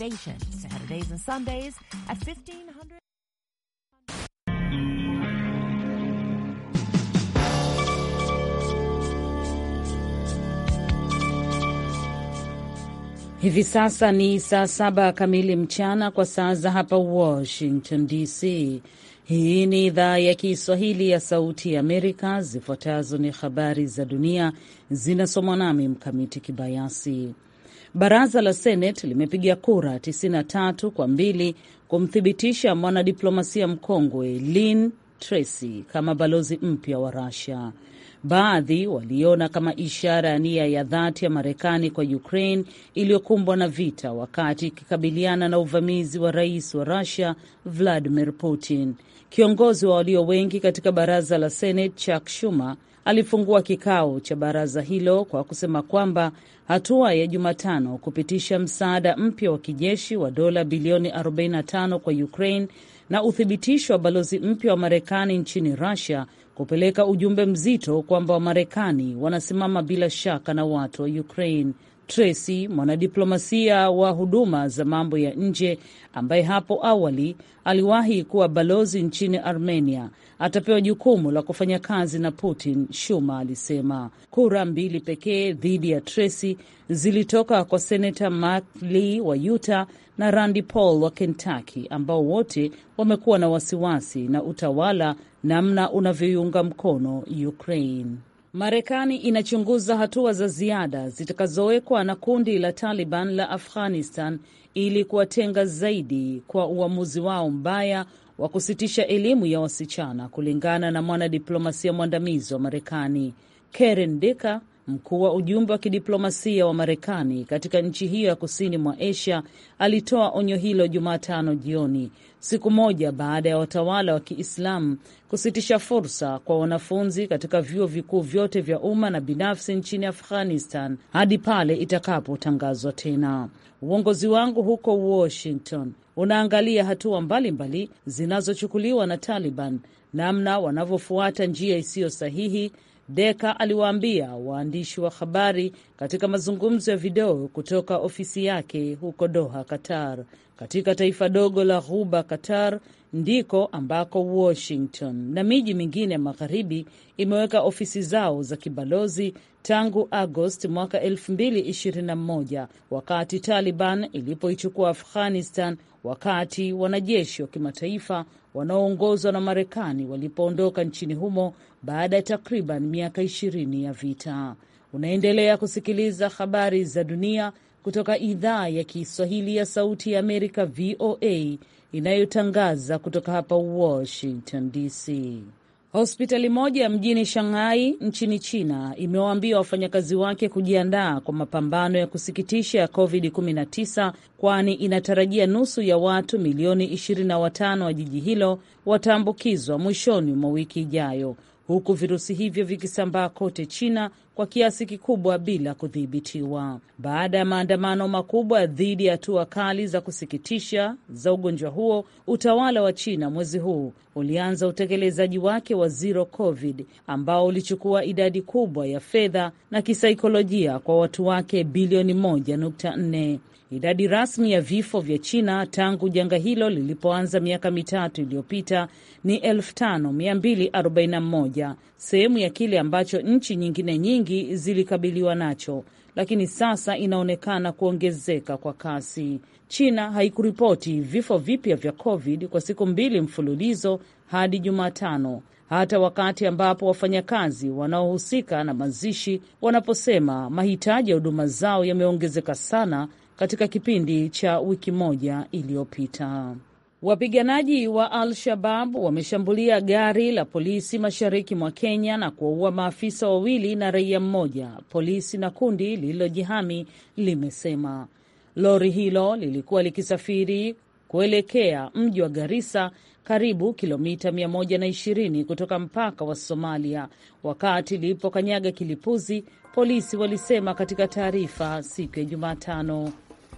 station Saturdays and Sundays at 1500. Hivi sasa ni saa saba kamili mchana kwa saa za hapa Washington DC. Hii ni idhaa ya Kiswahili ya Sauti ya Amerika. Zifuatazo ni habari za dunia zinasomwa nami Mkamiti Kibayasi. Baraza la Seneti limepiga kura 93 kwa mbili kumthibitisha mwanadiplomasia mkongwe lin Tracy kama balozi mpya wa Russia. Baadhi waliona kama ishara ya nia ya dhati ya Marekani kwa Ukraine iliyokumbwa na vita wakati ikikabiliana na uvamizi wa rais wa Russia Vladimir Putin. Kiongozi wa walio wengi katika baraza la Senate Chuck Schumer alifungua kikao cha baraza hilo kwa kusema kwamba hatua ya Jumatano kupitisha msaada mpya wa kijeshi wa dola bilioni 45 kwa Ukraine na uthibitisho wa balozi mpya wa Marekani nchini Russia kupeleka ujumbe mzito kwamba Wamarekani wanasimama bila shaka na watu wa Ukraine. Tracy, mwanadiplomasia wa huduma za mambo ya nje ambaye hapo awali aliwahi kuwa balozi nchini Armenia, atapewa jukumu la kufanya kazi na Putin, Shuma alisema. Kura mbili pekee dhidi ya Tracy zilitoka kwa senata Mark Lee wa Utah na Randi Paul wa Kentucky, ambao wote wamekuwa na wasiwasi na utawala namna unavyoiunga mkono Ukraine. Marekani inachunguza hatua za ziada zitakazowekwa na kundi la Taliban la Afghanistan ili kuwatenga zaidi kwa uamuzi wao mbaya wa kusitisha elimu ya wasichana, kulingana na mwanadiplomasia mwandamizi wa Marekani Karen dika Mkuu wa ujumbe wa kidiplomasia wa Marekani katika nchi hiyo ya kusini mwa Asia alitoa onyo hilo Jumatano jioni, siku moja baada ya watawala wa Kiislamu kusitisha fursa kwa wanafunzi katika vyuo vikuu vyote vya umma na binafsi nchini Afghanistan hadi pale itakapotangazwa tena. Uongozi wangu huko Washington unaangalia hatua mbalimbali zinazochukuliwa na Taliban, namna wanavyofuata njia isiyo sahihi Deka aliwaambia waandishi wa habari katika mazungumzo ya video kutoka ofisi yake huko Doha, Qatar, katika taifa dogo la Ghuba Qatar ndiko ambako Washington na miji mingine ya magharibi imeweka ofisi zao za kibalozi tangu Agosti mwaka 2021 wakati Taliban ilipoichukua Afghanistan, wakati wanajeshi wa kimataifa wanaoongozwa na Marekani walipoondoka nchini humo baada ya takriban miaka ishirini ya vita. Unaendelea kusikiliza habari za dunia kutoka idhaa ya Kiswahili ya Sauti ya Amerika, VOA, inayotangaza kutoka hapa Washington DC. Hospitali moja mjini Shanghai nchini China imewaambia wafanyakazi wake kujiandaa kwa mapambano ya kusikitisha ya COVID-19 kwani inatarajia nusu ya watu milioni 25 wa jiji hilo wataambukizwa mwishoni mwa wiki ijayo, huku virusi hivyo vikisambaa kote China kwa kiasi kikubwa bila kudhibitiwa. Baada ya maandamano makubwa dhidi ya hatua kali za kusikitisha za ugonjwa huo, utawala wa China mwezi huu ulianza utekelezaji wake wa zero covid, ambao ulichukua idadi kubwa ya fedha na kisaikolojia kwa watu wake bilioni 1.4 Idadi rasmi ya vifo vya China tangu janga hilo lilipoanza miaka mitatu iliyopita ni 5241 sehemu ya kile ambacho nchi nyingine nyingi zilikabiliwa nacho, lakini sasa inaonekana kuongezeka kwa kasi. China haikuripoti vifo vipya vya COVID kwa siku mbili mfululizo hadi Jumatano, hata wakati ambapo wafanyakazi wanaohusika na mazishi wanaposema mahitaji ya huduma zao yameongezeka sana katika kipindi cha wiki moja iliyopita. Wapiganaji wa Al-Shabab wameshambulia gari la polisi mashariki mwa Kenya na kuwaua maafisa wawili na raia mmoja, polisi na kundi lililojihami limesema. Lori hilo lilikuwa likisafiri kuelekea mji wa Garissa karibu kilomita 120 kutoka mpaka wa Somalia wakati lilipokanyaga kilipuzi, polisi walisema katika taarifa siku ya Jumatano.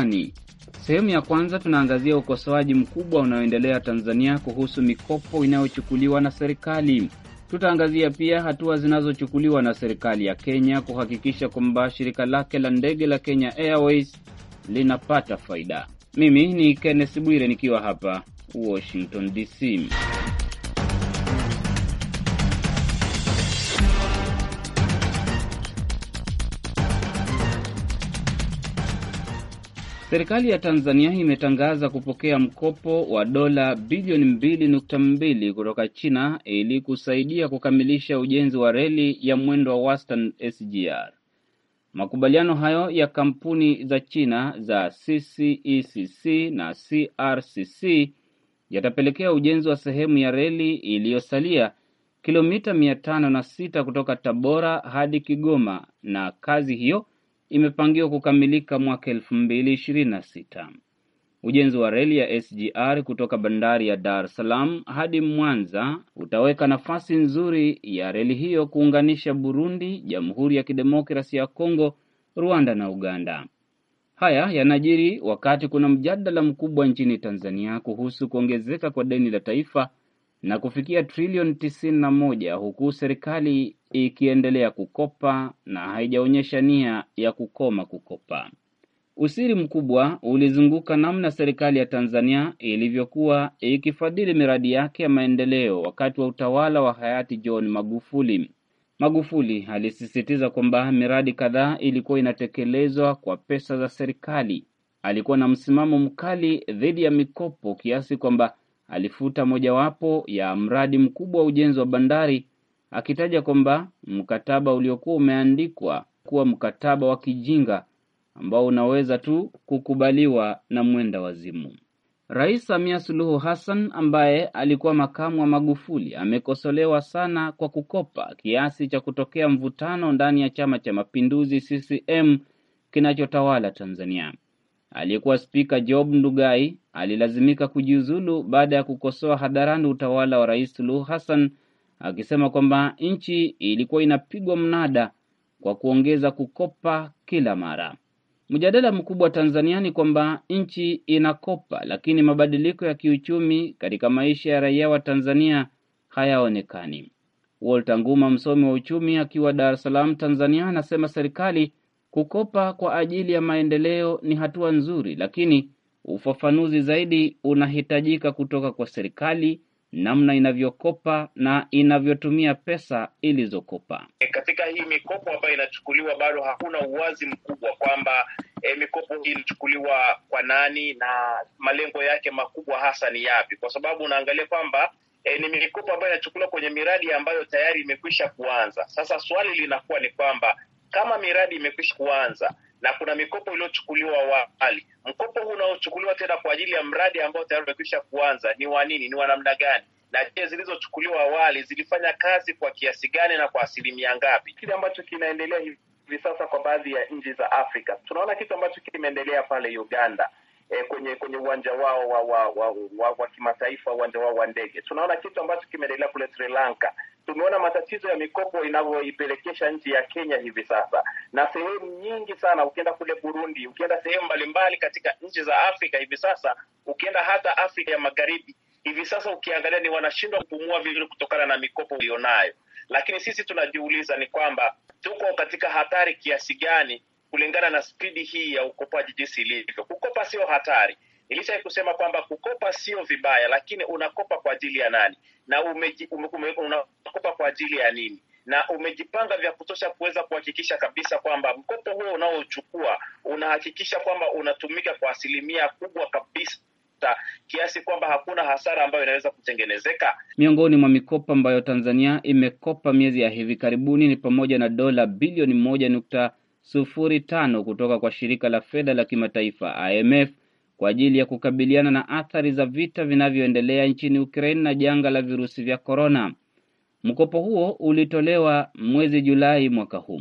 undani. Sehemu ya kwanza tunaangazia ukosoaji mkubwa unaoendelea Tanzania kuhusu mikopo inayochukuliwa na serikali. Tutaangazia pia hatua zinazochukuliwa na serikali ya Kenya kuhakikisha kwamba shirika lake la ndege la Kenya Airways linapata faida. Mimi ni Kenneth Bwire nikiwa hapa Washington DC. Serikali ya Tanzania imetangaza kupokea mkopo wa dola bilioni mbili nukta mbili kutoka China ili kusaidia kukamilisha ujenzi wa reli ya mwendo wa wastan SGR. Makubaliano hayo ya kampuni za China za CCECC e na CRCC yatapelekea ujenzi wa sehemu ya reli iliyosalia kilomita mia tano na sita kutoka Tabora hadi Kigoma na kazi hiyo imepangiwa kukamilika mwaka elfu mbili ishirini na sita. Ujenzi wa reli ya SGR kutoka bandari ya Dar es Salaam hadi Mwanza utaweka nafasi nzuri ya reli hiyo kuunganisha Burundi, Jamhuri ya kidemokrasi ya Kongo, Rwanda na Uganda. Haya yanajiri wakati kuna mjadala mkubwa nchini Tanzania kuhusu kuongezeka kwa deni la taifa na kufikia trilioni tisini na moja huku serikali ikiendelea kukopa na haijaonyesha nia ya kukoma kukopa. Usiri mkubwa ulizunguka namna serikali ya Tanzania ilivyokuwa ikifadhili miradi yake ya maendeleo wakati wa utawala wa hayati John Magufuli. Magufuli alisisitiza kwamba miradi kadhaa ilikuwa inatekelezwa kwa pesa za serikali. Alikuwa na msimamo mkali dhidi ya mikopo kiasi kwamba alifuta mojawapo ya mradi mkubwa wa ujenzi wa bandari akitaja kwamba mkataba uliokuwa umeandikwa kuwa mkataba wa kijinga ambao unaweza tu kukubaliwa na mwenda wazimu. Rais Samia Suluhu Hassan ambaye alikuwa makamu wa Magufuli amekosolewa sana kwa kukopa kiasi cha kutokea mvutano ndani ya Chama cha Mapinduzi CCM kinachotawala Tanzania. Aliyekuwa spika Job Ndugai alilazimika kujiuzulu baada ya kukosoa hadharani utawala wa Rais Suluhu Hassan akisema kwamba nchi ilikuwa inapigwa mnada kwa kuongeza kukopa kila mara. Mjadala mkubwa Tanzania ni kwamba nchi inakopa, lakini mabadiliko ya kiuchumi katika maisha ya raia wa Tanzania hayaonekani. Walter Nguma, msomi wa uchumi, akiwa Dar es Salaam, Tanzania, anasema serikali kukopa kwa ajili ya maendeleo ni hatua nzuri, lakini Ufafanuzi zaidi unahitajika kutoka kwa serikali namna inavyokopa na inavyotumia pesa ilizokopa. E, katika hii mikopo ambayo inachukuliwa bado hakuna uwazi mkubwa kwamba e, mikopo hii inachukuliwa kwa nani na malengo yake makubwa hasa ni yapi, kwa sababu unaangalia kwamba e, ni mikopo ambayo inachukuliwa kwenye miradi ambayo tayari imekwisha kuanza. Sasa swali linakuwa ni kwamba kama miradi imekwisha kuanza na kuna mikopo iliyochukuliwa awali. Mkopo huu unaochukuliwa tena kwa ajili ya mradi ambao tayari umekwisha kuanza ni wa nini? Ni wa namna gani? na je, zilizochukuliwa awali zilifanya kazi kwa kiasi gani na kwa asilimia ngapi? Kile ambacho kinaendelea hivi sasa kwa baadhi ya nchi za Afrika, tunaona kitu ambacho kimeendelea pale Uganda eh, kwenye kwenye uwanja wao wa wa, wa, wa, wa, kimataifa, uwanja wao wa ndege. Tunaona kitu ambacho kimeendelea kule Sri Lanka. Tumeona matatizo ya mikopo inavyoipelekesha nchi ya Kenya hivi sasa, na sehemu nyingi sana, ukienda kule Burundi, ukienda sehemu mbalimbali katika nchi za Afrika hivi sasa, ukienda hata Afrika ya Magharibi hivi sasa, ukiangalia ni wanashindwa kupumua vizuri kutokana na mikopo ulionayo. Lakini sisi tunajiuliza ni kwamba tuko katika hatari kiasi gani kulingana na spidi hii ya ukopaji jinsi ilivyo. Kukopa sio hatari. Elisha kusema kwamba kukopa sio vibaya, lakini unakopa kwa ajili ya nani na ume, ume, unakopa kwa ajili ya nini na umejipanga vya kutosha kuweza kuhakikisha kabisa kwamba mkopo huo unaochukua unahakikisha kwamba unatumika kwa asilimia kubwa kabisa kiasi kwamba hakuna hasara ambayo inaweza kutengenezeka. Miongoni mwa mikopo ambayo Tanzania imekopa miezi ya hivi karibuni ni pamoja na dola bilioni moja nukta sufuri tano kutoka kwa shirika la fedha la kimataifa IMF kwa ajili ya kukabiliana na athari za vita vinavyoendelea nchini Ukraine na janga la virusi vya korona. Mkopo huo ulitolewa mwezi Julai mwaka huu.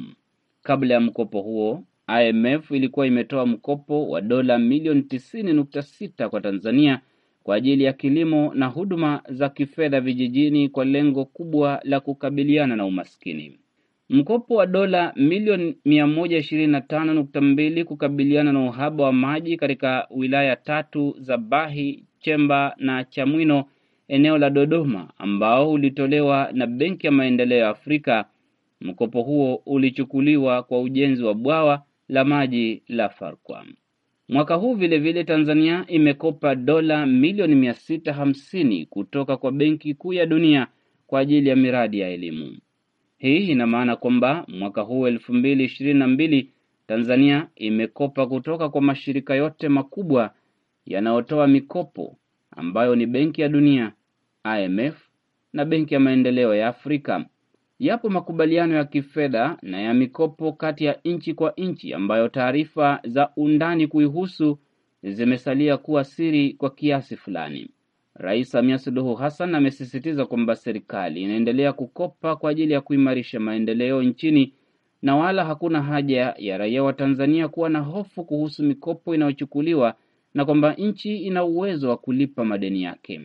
Kabla ya mkopo huo, IMF ilikuwa imetoa mkopo wa dola milioni 90.6 kwa Tanzania kwa ajili ya kilimo na huduma za kifedha vijijini kwa lengo kubwa la kukabiliana na umaskini. Mkopo wa dola milioni mia moja ishirini na tano nukta mbili kukabiliana na uhaba wa maji katika wilaya tatu za Bahi, Chemba na Chamwino eneo la Dodoma ambao ulitolewa na Benki ya Maendeleo ya Afrika. Mkopo huo ulichukuliwa kwa ujenzi wa bwawa la maji la Farkwa. Mwaka huu vile vile Tanzania imekopa dola milioni mia sita hamsini kutoka kwa Benki Kuu ya Dunia kwa ajili ya miradi ya elimu. Hii ina maana kwamba mwaka huu elfu mbili ishirini na mbili Tanzania imekopa kutoka kwa mashirika yote makubwa yanayotoa mikopo ambayo ni Benki ya Dunia, IMF na Benki ya Maendeleo ya Afrika. Yapo makubaliano ya kifedha na ya mikopo kati ya nchi kwa nchi ambayo taarifa za undani kuihusu zimesalia kuwa siri kwa kiasi fulani. Rais Samia Suluhu Hassan amesisitiza kwamba serikali inaendelea kukopa kwa ajili ya kuimarisha maendeleo nchini na wala hakuna haja ya raia wa Tanzania kuwa na hofu kuhusu mikopo inayochukuliwa na kwamba nchi ina uwezo wa kulipa madeni yake.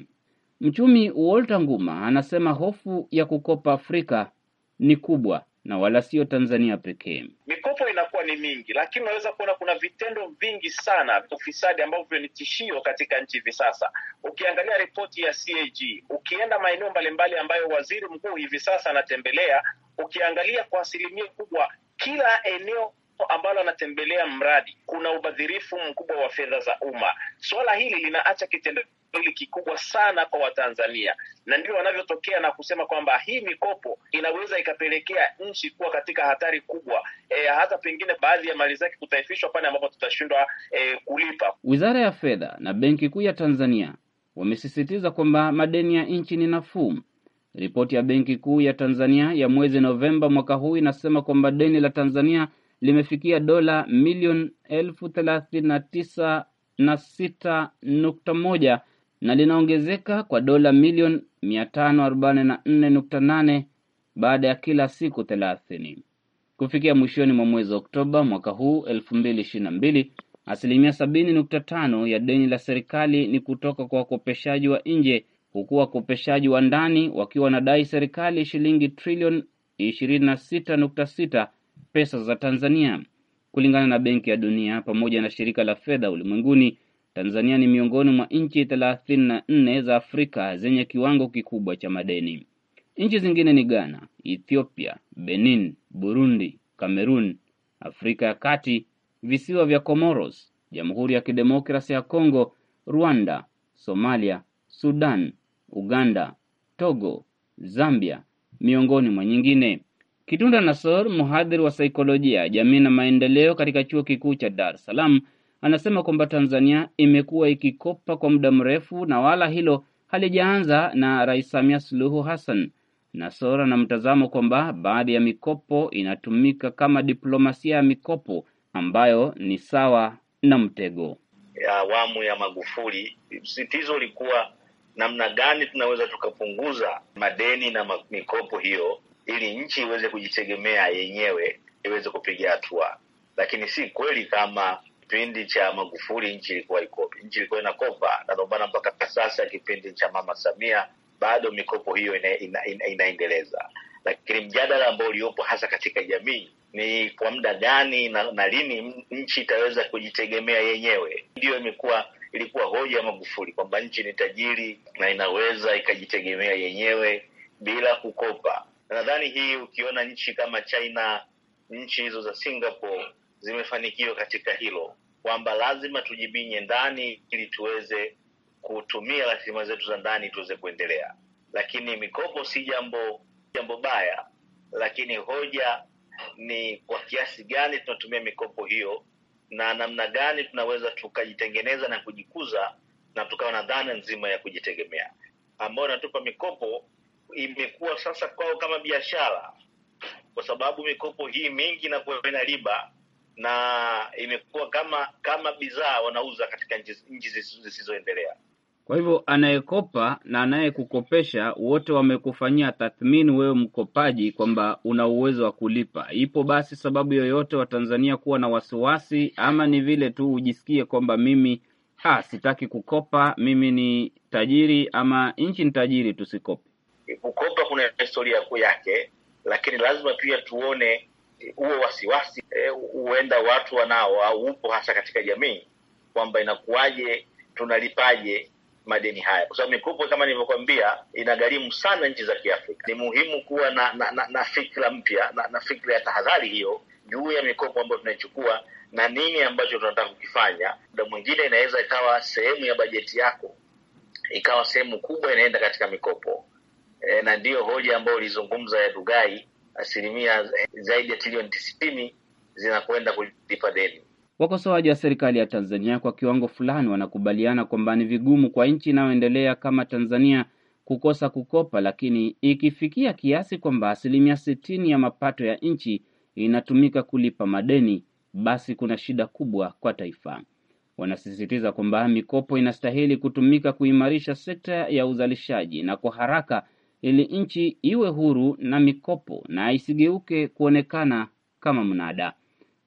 Mchumi Walter Nguma anasema hofu ya kukopa Afrika ni kubwa na wala sio Tanzania pekee. Mikopo inakuwa ni mingi, lakini unaweza kuona kuna vitendo vingi sana vya ufisadi ambavyo ni tishio katika nchi hivi sasa. Ukiangalia ripoti ya CAG, ukienda maeneo mbalimbali ambayo waziri mkuu hivi sasa anatembelea, ukiangalia kwa asilimia kubwa kila eneo ambalo anatembelea mradi kuna ubadhirifu mkubwa wa fedha za umma. Suala hili linaacha kitendo hili kikubwa sana kwa Watanzania, na ndio wanavyotokea na kusema kwamba hii mikopo inaweza ikapelekea nchi kuwa katika hatari kubwa, e, hata pengine baadhi ya mali zake kutaifishwa pale ambapo tutashindwa e, kulipa. Wizara ya Fedha na Benki Kuu ya Tanzania wamesisitiza kwamba madeni ya nchi ni nafuu. Ripoti ya Benki Kuu ya Tanzania ya mwezi Novemba mwaka huu inasema kwamba deni la Tanzania limefikia dola milioni elfu thelathini na tisa na sita nukta moja na linaongezeka kwa dola milioni mia tano arobaini na nne nukta nane baada ya kila siku thelathini. Kufikia mwishoni mwa mwezi Oktoba mwaka huu elfu mbili ishirini na mbili, asilimia sabini nukta tano ya deni la serikali ni kutoka kwa wakopeshaji wa nje huku wakopeshaji wa ndani wakiwa wanadai serikali shilingi trilioni ishirini na sita nukta sita pesa za Tanzania. Kulingana na Benki ya Dunia pamoja na Shirika la Fedha Ulimwenguni, Tanzania ni miongoni mwa nchi 34 za Afrika zenye kiwango kikubwa cha madeni. Nchi zingine ni Ghana, Ethiopia, Benin, Burundi, Kamerun, Afrika ya Kati, visiwa vya Comoros, Jamhuri ya Kidemokrasi ya Kongo, Rwanda, Somalia, Sudan, Uganda, Togo, Zambia, miongoni mwa nyingine. Kitunda nasor mhadhiri wa saikolojia jamii na maendeleo katika chuo kikuu cha Dar es Salaam, anasema kwamba Tanzania imekuwa ikikopa kwa muda mrefu na wala hilo halijaanza na Rais Samia Suluhu Hassan. nasor ana mtazamo kwamba baadhi ya mikopo inatumika kama diplomasia ya mikopo ambayo ni sawa na mtego. Awamu ya, ya Magufuli msitizo ulikuwa namna gani tunaweza tukapunguza madeni na mikopo hiyo ili nchi iweze kujitegemea yenyewe iweze kupiga hatua, lakini si kweli kama kipindi cha Magufuli nchi ilikuwa ikopi, nchi ilikuwa inakopa, na ndio maana mpaka sasa kipindi cha Mama Samia bado mikopo hiyo ina, ina, ina, inaendeleza. Lakini mjadala ambao uliopo hasa katika jamii ni kwa muda gani na, na lini nchi itaweza kujitegemea yenyewe. Ndiyo imekuwa ilikuwa hoja ya Magufuli kwamba nchi ni tajiri na inaweza ikajitegemea yenyewe bila kukopa Nadhani hii ukiona nchi kama China, nchi hizo za Singapore zimefanikiwa katika hilo, kwamba lazima tujibinye ndani ili tuweze kutumia rasilimali zetu za ndani tuweze kuendelea. Lakini mikopo si jambo jambo baya, lakini hoja ni kwa kiasi gani tunatumia mikopo hiyo na namna gani tunaweza tukajitengeneza na kujikuza na tukawa na dhana nzima ya kujitegemea ambayo inatupa mikopo imekuwa sasa kwao kama biashara, kwa sababu mikopo hii mingi inakuwa ina riba na imekuwa kama kama bidhaa wanauza katika nchi zisizoendelea. Kwa hivyo anayekopa na anayekukopesha wote wamekufanyia tathmini wewe mkopaji, kwamba una uwezo wa kulipa. Ipo basi sababu yoyote Watanzania kuwa na wasiwasi, ama ni vile tu ujisikie kwamba mimi ha, sitaki kukopa, mimi ni tajiri ama nchi ni tajiri, tusikope? Kukopa kuna historia kuu yake, lakini lazima pia tuone eh, huo wasiwasi eh, huenda e, watu wanao au upo hasa katika jamii kwamba inakuwaje, tunalipaje madeni haya, kwa sababu mikopo kama nilivyokwambia inagharimu sana nchi za Kiafrika. Ni muhimu kuwa na na, na, na fikra mpya na, na fikra ya tahadhari hiyo juu ya mikopo ambayo tunaichukua na nini ambacho tunataka kukifanya. Muda mwingine inaweza ikawa sehemu ya bajeti yako, ikawa sehemu kubwa inaenda katika mikopo e, na ndiyo hoja ambayo ulizungumza ya Dugai, asilimia eh, zaidi ya trilioni tisini zinakwenda kulipa deni. Wakosoaji wa serikali ya Tanzania kwa kiwango fulani wanakubaliana kwamba ni vigumu kwa nchi inayoendelea kama Tanzania kukosa kukopa, lakini ikifikia kiasi kwamba asilimia sitini ya mapato ya nchi inatumika kulipa madeni, basi kuna shida kubwa kwa taifa. Wanasisitiza kwamba mikopo inastahili kutumika kuimarisha sekta ya uzalishaji na kwa haraka ili nchi iwe huru na mikopo na isigeuke kuonekana kama mnada.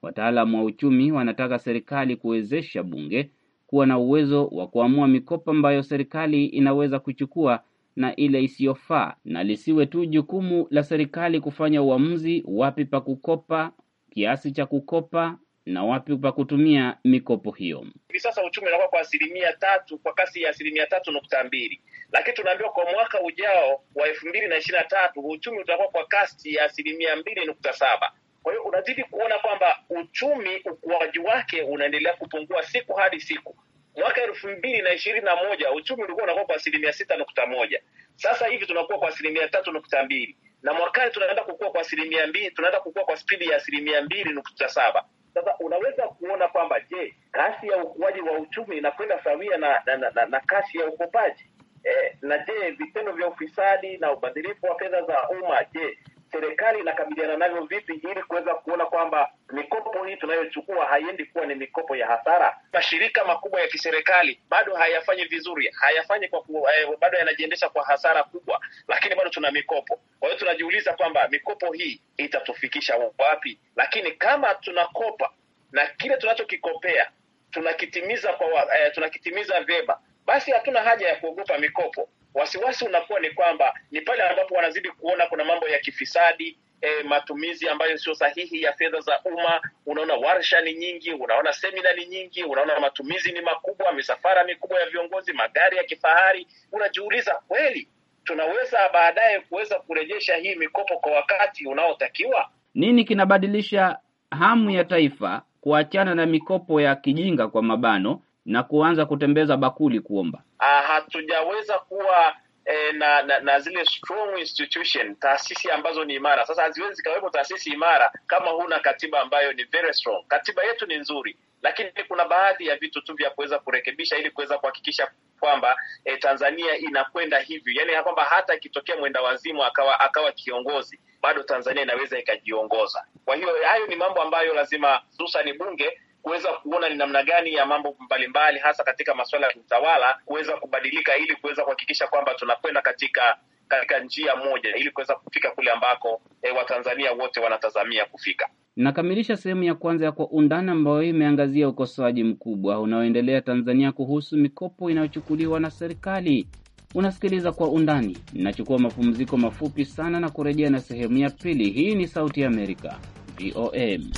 Wataalamu wa uchumi wanataka serikali kuwezesha bunge kuwa na uwezo wa kuamua mikopo ambayo serikali inaweza kuchukua na ile isiyofaa, na lisiwe tu jukumu la serikali kufanya uamuzi wapi pa kukopa, kiasi cha kukopa na wapi pa kutumia mikopo hiyo. Hivi sasa uchumi unakuwa kwa asilimia tatu kwa kasi ya asilimia tatu nukta mbili lakini tunaambiwa kwa mwaka ujao wa elfu mbili na ishirini na tatu uchumi utakuwa kwa kasi ya asilimia mbili nukta saba Kwa hiyo unazidi kuona kwamba uchumi ukuaji wake unaendelea kupungua siku hadi siku. Mwaka elfu mbili na ishirini na moja uchumi ulikuwa unakuwa kwa asilimia sita nukta moja sasa hivi tunakuwa kwa asilimia tatu nukta mbili na mwakani tunaenda kukua kwa asilimia mbili tunaenda kukua kwa spidi ya asilimia mbili nukta saba sasa unaweza kuona kwamba je, kasi ya ukuaji wa uchumi inakwenda sawia na, na, na, na, na kasi ya ukopaji eh? Na je, vitendo vya ufisadi na ubadhirifu wa fedha za umma, je serikali inakabiliana navyo vipi, ili kuweza kuona kwamba mikopo hii tunayochukua haiendi kuwa ni mikopo ya hasara. Mashirika makubwa ya kiserikali bado hayafanyi vizuri, hayafanyi kwa ku, eh, bado yanajiendesha kwa hasara kubwa, lakini bado tuna mikopo. Kwa hiyo tunajiuliza kwamba mikopo hii itatufikisha wapi? Lakini kama tunakopa na kile tunachokikopea tunakitimiza kwa, eh, tunakitimiza vyema, basi hatuna haja ya kuogopa mikopo. Wasiwasi unakuwa ni kwamba ni pale ambapo wanazidi kuona kuna mambo ya kifisadi E, matumizi ambayo sio sahihi ya fedha za umma. Unaona warsha ni nyingi, unaona semina ni nyingi, unaona matumizi ni makubwa, misafara mikubwa ya viongozi, magari ya kifahari. Unajiuliza, kweli tunaweza baadaye kuweza kurejesha hii mikopo kwa wakati unaotakiwa? Nini kinabadilisha hamu ya taifa kuachana na mikopo ya kijinga kwa mabano na kuanza kutembeza bakuli kuomba. Ah, hatujaweza kuwa eh, na, na na zile strong institution, taasisi ambazo ni imara. Sasa haziwezi zikawepo taasisi imara kama huna katiba ambayo ni very strong. Katiba yetu ni nzuri, lakini kuna baadhi ya vitu tu vya kuweza kurekebisha ili kuweza kuhakikisha kwamba eh, Tanzania inakwenda hivyo, yaani kwamba hata ikitokea mwenda wazimu akawa akawa kiongozi bado Tanzania inaweza ikajiongoza. Kwa hiyo hayo ni mambo ambayo lazima hususani bunge kuweza kuona ni namna gani ya mambo mbalimbali, hasa katika masuala ya kiutawala kuweza kubadilika, ili kuweza kuhakikisha kwamba tunakwenda katika katika njia moja ili kuweza kufika kule ambako e, Watanzania wote wanatazamia kufika. Nakamilisha sehemu ya kwanza ya Kwa Undani ambayo imeangazia ukosoaji mkubwa unaoendelea Tanzania kuhusu mikopo inayochukuliwa na serikali. Unasikiliza Kwa Undani. Ninachukua mapumziko mafupi sana na kurejea na sehemu ya pili. Hii ni Sauti ya Amerika, VOM.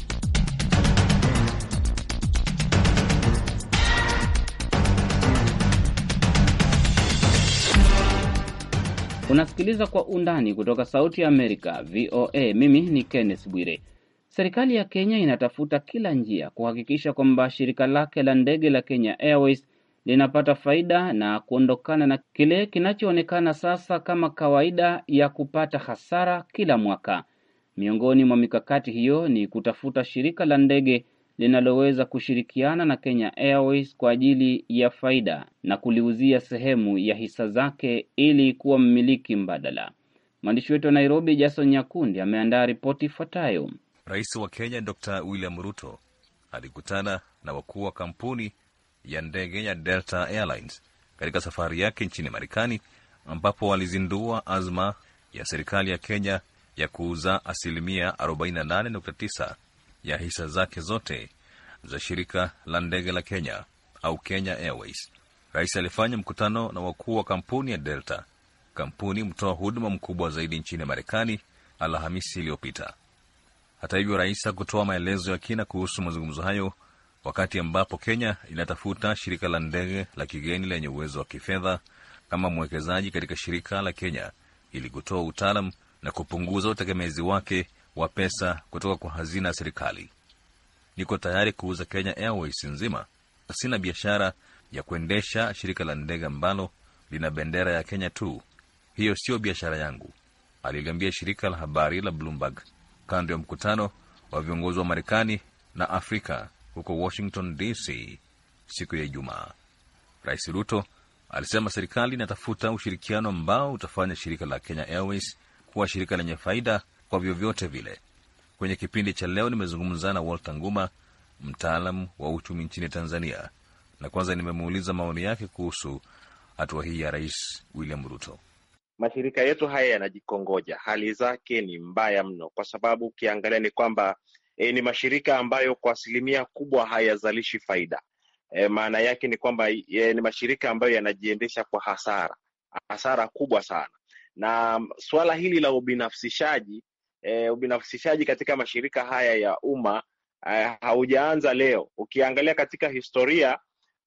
Unasikiliza kwa undani kutoka Sauti ya Amerika, VOA. Mimi ni Kenneth Bwire. Serikali ya Kenya inatafuta kila njia kuhakikisha kwamba shirika lake la ndege la Kenya Airways linapata faida na kuondokana na kile kinachoonekana sasa kama kawaida ya kupata hasara kila mwaka. Miongoni mwa mikakati hiyo ni kutafuta shirika la ndege linaloweza kushirikiana na Kenya Airways kwa ajili ya faida na kuliuzia sehemu ya hisa zake ili kuwa mmiliki mbadala. Mwandishi wetu wa Nairobi, Jason Nyakundi, ameandaa ripoti ifuatayo. Rais wa Kenya Dr William Ruto alikutana na wakuu wa kampuni ya ndege ya Delta Airlines katika safari yake nchini Marekani, ambapo walizindua azma ya serikali ya Kenya ya kuuza asilimia 48.9 ya hisa zake zote za shirika la ndege la Kenya au Kenya Airways. Rais alifanya mkutano na wakuu wa kampuni ya Delta, kampuni mtoa huduma mkubwa zaidi nchini Marekani, Alhamisi iliyopita. Hata hivyo, rais hakutoa maelezo ya kina kuhusu mazungumzo hayo, wakati ambapo Kenya inatafuta shirika la ndege la kigeni lenye uwezo wa kifedha kama mwekezaji katika shirika la Kenya ili kutoa utaalam na kupunguza utegemezi wake wa pesa kutoka kwa hazina ya serikali. Niko tayari kuuza Kenya Airways nzima. Sina biashara ya kuendesha shirika la ndege ambalo lina bendera ya Kenya tu. Hiyo sio biashara yangu, aliliambia shirika la habari la Bloomberg kando ya mkutano wa viongozi wa Marekani na Afrika huko Washington DC siku ya Ijumaa. Rais Ruto alisema serikali inatafuta ushirikiano ambao utafanya shirika la Kenya Airways kuwa shirika lenye faida kwa vyovyote vile. Kwenye kipindi cha leo nimezungumza na Walter Nguma, mtaalam wa uchumi nchini Tanzania, na kwanza nimemuuliza maoni yake kuhusu hatua hii ya Rais William Ruto. Mashirika yetu haya yanajikongoja, hali zake ni mbaya mno, kwa sababu ukiangalia ni kwamba e, ni mashirika ambayo kwa asilimia kubwa hayazalishi faida. E, maana yake ni kwamba e, ni mashirika ambayo yanajiendesha kwa hasara, hasara kubwa sana, na suala hili la ubinafsishaji e, ubinafsishaji katika mashirika haya ya umma e, haujaanza leo. Ukiangalia katika historia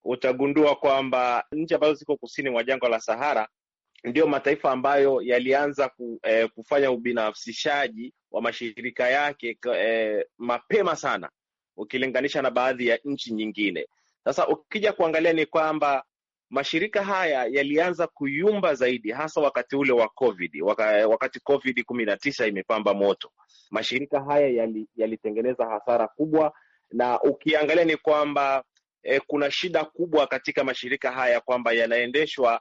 utagundua kwamba nchi ambazo ziko kusini mwa jangwa la Sahara ndiyo mataifa ambayo yalianza ku, e, kufanya ubinafsishaji wa mashirika yake e, mapema sana ukilinganisha na baadhi ya nchi nyingine. Sasa ukija kuangalia ni kwamba mashirika haya yalianza kuyumba zaidi, hasa wakati ule wa COVID, waka, wakati COVID kumi na tisa imepamba moto, mashirika haya yalitengeneza yali hasara kubwa, na ukiangalia ni kwamba eh, kuna shida kubwa katika mashirika haya kwamba yanaendeshwa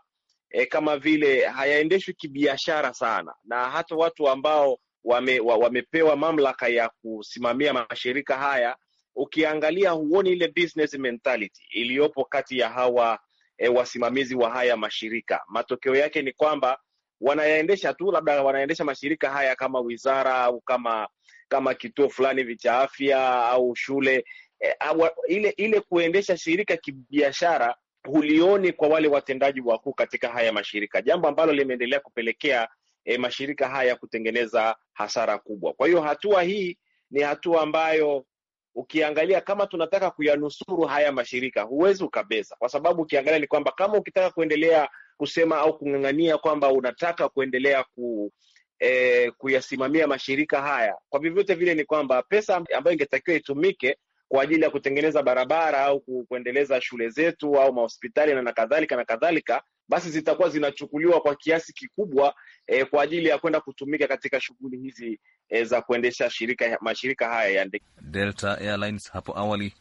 eh, kama vile hayaendeshwi kibiashara sana, na hata watu ambao wame, wamepewa mamlaka ya kusimamia mashirika haya, ukiangalia huoni ile business mentality iliyopo kati ya hawa e, wasimamizi wa haya mashirika. Matokeo yake ni kwamba wanayaendesha tu, labda wanaendesha mashirika haya kama wizara au kama kama kituo fulani cha afya au shule e, eh, awa, ile ile kuendesha shirika kibiashara hulioni kwa wale watendaji wakuu katika haya mashirika, jambo ambalo limeendelea kupelekea e, mashirika haya kutengeneza hasara kubwa. Kwa hiyo hatua hii ni hatua ambayo ukiangalia kama tunataka kuyanusuru haya mashirika, huwezi ukabeza, kwa sababu ukiangalia ni kwamba kama ukitaka kuendelea kusema au kung'ang'ania kwamba unataka kuendelea ku eh, kuyasimamia mashirika haya kwa vyovyote vile, ni kwamba pesa ambayo ingetakiwa itumike kwa ajili ya kutengeneza barabara au kuendeleza shule zetu au mahospitali na kadhalika na kadhalika, basi zitakuwa zinachukuliwa kwa kiasi kikubwa eh, kwa ajili ya kwenda kutumika katika shughuli hizi eh, za kuendesha shirika, mashirika haya ya ndege. Delta Airlines hapo awali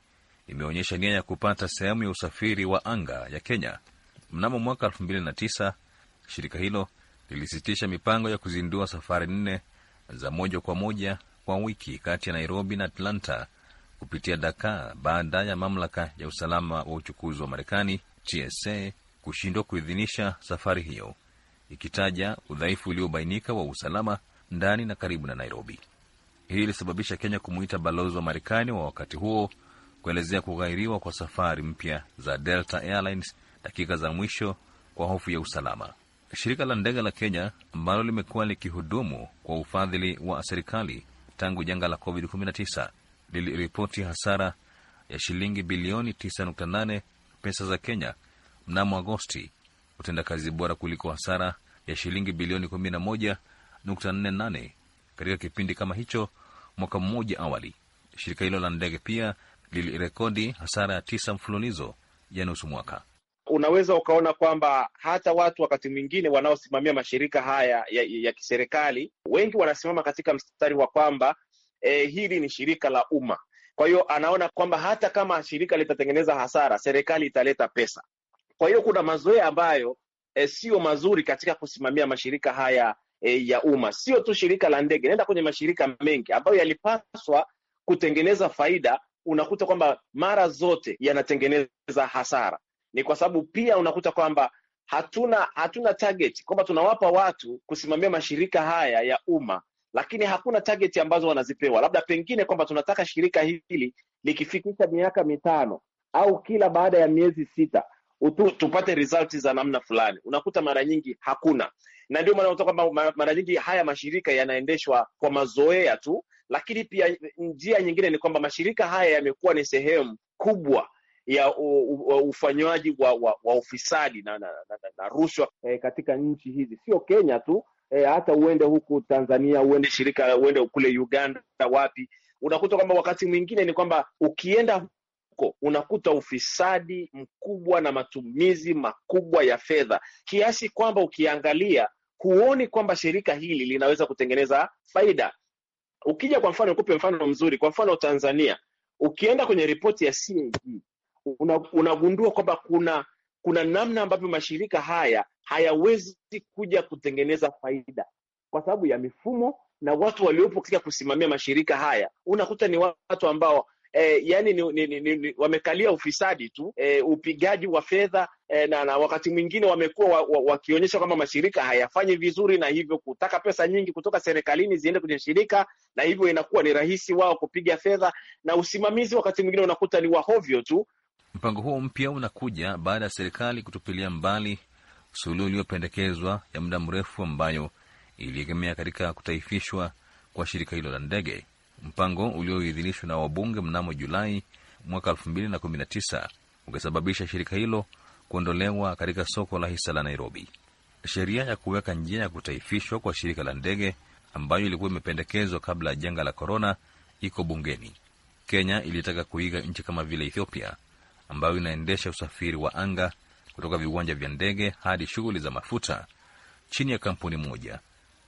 imeonyesha nia ya kupata sehemu ya usafiri wa anga ya Kenya. Mnamo mwaka elfu shirika hilo lilisitisha mipango ya kuzindua safari nne za moja kwa moja kwa wiki kati ya Nairobi na Atlanta kupitia Dakar baada ya mamlaka ya usalama wa uchukuzi wa Marekani TSA kushindwa kuidhinisha safari hiyo, ikitaja udhaifu uliobainika wa usalama ndani na karibu na Nairobi. Hii ilisababisha Kenya kumuita balozi wa Marekani wa wakati huo kuelezea kughairiwa kwa safari mpya za Delta Airlines dakika za mwisho kwa hofu ya usalama. Shirika la ndege la Kenya ambalo limekuwa likihudumu kwa ufadhili wa serikali tangu janga la COVID-19 liliripoti hasara ya shilingi bilioni 9.8 pesa za Kenya mnamo Agosti utendakazi bora kuliko hasara ya shilingi bilioni 11.48 katika kipindi kama hicho mwaka mmoja awali. Shirika hilo la ndege pia lilirekodi hasara ya tisa mfululizo ya nusu mwaka. Unaweza ukaona kwamba hata watu wakati mwingine wanaosimamia mashirika haya ya, ya kiserikali wengi wanasimama katika mstari wa kwamba eh, hili ni shirika la umma. Kwa hiyo anaona kwamba hata kama shirika litatengeneza hasara, serikali italeta pesa. Kwa hiyo kuna mazoea ambayo e, eh, siyo mazuri katika kusimamia mashirika haya e, ya umma, sio tu shirika la ndege. Naenda kwenye mashirika mengi ambayo yalipaswa kutengeneza faida, unakuta kwamba mara zote yanatengeneza hasara. Ni kwa sababu pia unakuta kwamba hatuna hatuna target kwamba tunawapa watu kusimamia mashirika haya ya umma, lakini hakuna target ambazo wanazipewa, labda pengine kwamba tunataka shirika hili likifikisha miaka mitano au kila baada ya miezi sita utu, tupate results za namna fulani. Unakuta mara nyingi hakuna, na ndio maana unakuta kwamba mara nyingi haya mashirika yanaendeshwa kwa mazoea tu, lakini pia njia nyingine ni kwamba mashirika haya yamekuwa ni sehemu kubwa ya ufanywaji wa, wa, wa ufisadi na, na, na, na, na rushwa e, katika nchi hizi, sio Kenya tu e, hata uende huku Tanzania, uende shirika, uende kule Uganda, wapi unakuta kwamba wakati mwingine ni kwamba ukienda huko unakuta ufisadi mkubwa na matumizi makubwa ya fedha kiasi kwamba ukiangalia huoni kwamba shirika hili linaweza kutengeneza faida. Ukija kwa mfano, nikupe mfano mzuri, kwa mfano Tanzania, ukienda kwenye ripoti ya CAG unagundua una kwamba kuna kuna namna ambavyo mashirika haya hayawezi kuja kutengeneza faida kwa sababu ya mifumo na watu waliopo katika kusimamia mashirika haya, unakuta ni watu ambao eh, yani ni, ni, ni, ni, wamekalia ufisadi tu eh, upigaji wa fedha eh, na, na wakati mwingine wamekuwa wa, wa, wakionyesha kwamba mashirika hayafanyi vizuri, na hivyo kutaka pesa nyingi kutoka serikalini ziende kwenye shirika, na hivyo inakuwa ni rahisi wao kupiga fedha, na usimamizi wakati mwingine unakuta ni wahovyo tu. Mpango huo mpya unakuja baada ya serikali kutupilia mbali suluhu iliyopendekezwa ya muda mrefu ambayo iliegemea katika kutaifishwa kwa shirika hilo la ndege. Mpango ulioidhinishwa na wabunge mnamo Julai mwaka 2019 ukisababisha shirika hilo kuondolewa katika soko la hisa la Nairobi. Sheria ya kuweka njia ya kutaifishwa kwa shirika la ndege ambayo ilikuwa imependekezwa kabla ya janga la korona iko bungeni. Kenya ilitaka kuiga nchi kama vile Ethiopia ambayo inaendesha usafiri wa anga kutoka viwanja vya ndege hadi shughuli za mafuta chini ya kampuni moja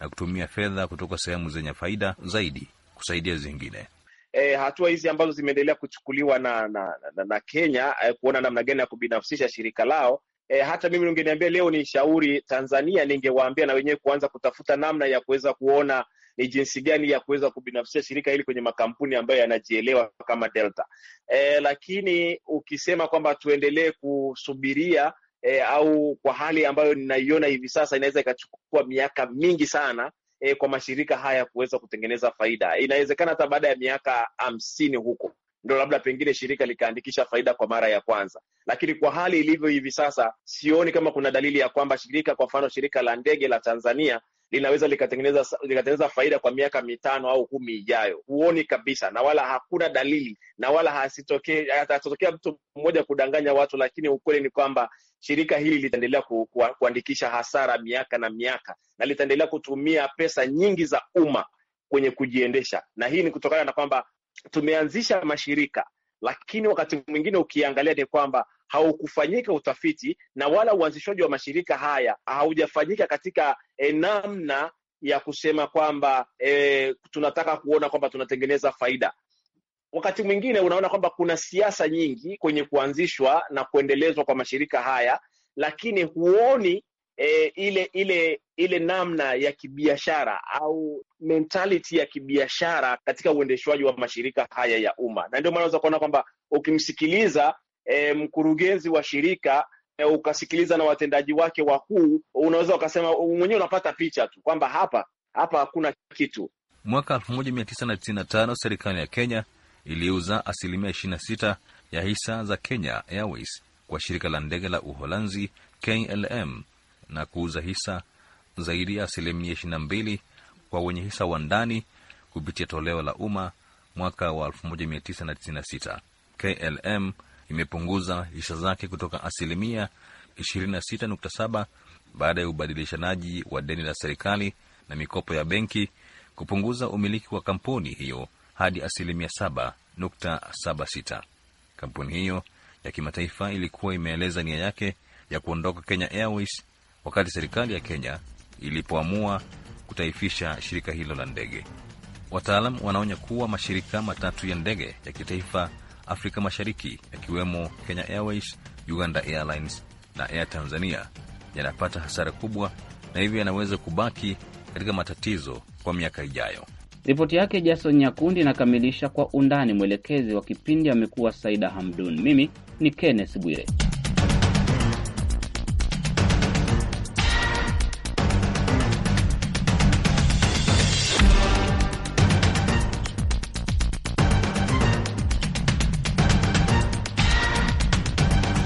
na kutumia fedha kutoka sehemu zenye faida zaidi kusaidia zingine. E, hatua hizi ambazo zimeendelea kuchukuliwa na, na, na, na Kenya eh, kuona namna gani ya kubinafsisha shirika lao eh, hata mimi ungeniambia leo ni shauri Tanzania, ningewaambia na wenyewe kuanza kutafuta namna ya kuweza kuona ni jinsi gani ya kuweza kubinafsisha shirika hili kwenye makampuni ambayo yanajielewa kama Delta. E, lakini ukisema kwamba tuendelee kusubiria e, au kwa hali ambayo ninaiona hivi sasa inaweza ikachukua miaka mingi sana eh, kwa mashirika haya kuweza kutengeneza faida. Inawezekana hata baada ya miaka hamsini huko ndo labda pengine shirika likaandikisha faida kwa mara ya kwanza, lakini kwa hali ilivyo hivi sasa sioni kama kuna dalili ya kwamba shirika, kwa mfano shirika la ndege la Tanzania linaweza likatengeneza likatengeneza faida kwa miaka mitano au kumi ijayo. Huoni kabisa, na wala hakuna dalili, na wala hatatokea mtu mmoja kudanganya watu, lakini ukweli ni kwamba shirika hili litaendelea ku, ku, kuandikisha hasara miaka na miaka, na litaendelea kutumia pesa nyingi za umma kwenye kujiendesha, na hii ni kutokana na kwamba tumeanzisha mashirika, lakini wakati mwingine ukiangalia ni kwamba haukufanyika utafiti na wala uanzishwaji wa mashirika haya haujafanyika katika e, namna ya kusema kwamba e, tunataka kuona kwamba tunatengeneza faida. Wakati mwingine unaona kwamba kuna siasa nyingi kwenye kuanzishwa na kuendelezwa kwa mashirika haya, lakini huoni e, ile ile ile namna ya kibiashara au mentality ya kibiashara katika uendeshwaji wa mashirika haya ya umma, na ndio maana unaweza kuona kwamba ukimsikiliza e, mkurugenzi wa shirika e, ukasikiliza na watendaji wake wakuu, unaweza ukasema mwenyewe, unapata picha tu kwamba hapa hapa hakuna kitu. Mwaka 1995 serikali ya Kenya iliuza asilimia 26 ya hisa za Kenya Airways kwa shirika la ndege la Uholanzi KLM na kuuza hisa zaidi ya asilimia 22 kwa wenye hisa wa ndani kupitia toleo la umma mwaka wa 1996. KLM imepunguza hisa zake kutoka asilimia 26.7 baada ya ubadilishanaji wa deni la serikali na mikopo ya benki kupunguza umiliki wa kampuni hiyo hadi asilimia 7.76. Kampuni hiyo ya kimataifa ilikuwa imeeleza nia yake ya kuondoka Kenya Airways wakati serikali ya Kenya ilipoamua kutaifisha shirika hilo la ndege. Wataalam wanaonya kuwa mashirika matatu ya ndege ya kitaifa Afrika Mashariki yakiwemo Kenya Airways, Uganda Airlines na Air Tanzania yanapata hasara kubwa na hivyo yanaweza kubaki katika matatizo kwa miaka ijayo. Ripoti yake Jason Nyakundi inakamilisha kwa undani. Mwelekezi wa kipindi amekuwa Saida Hamdun, mimi ni Kenneth Bwire.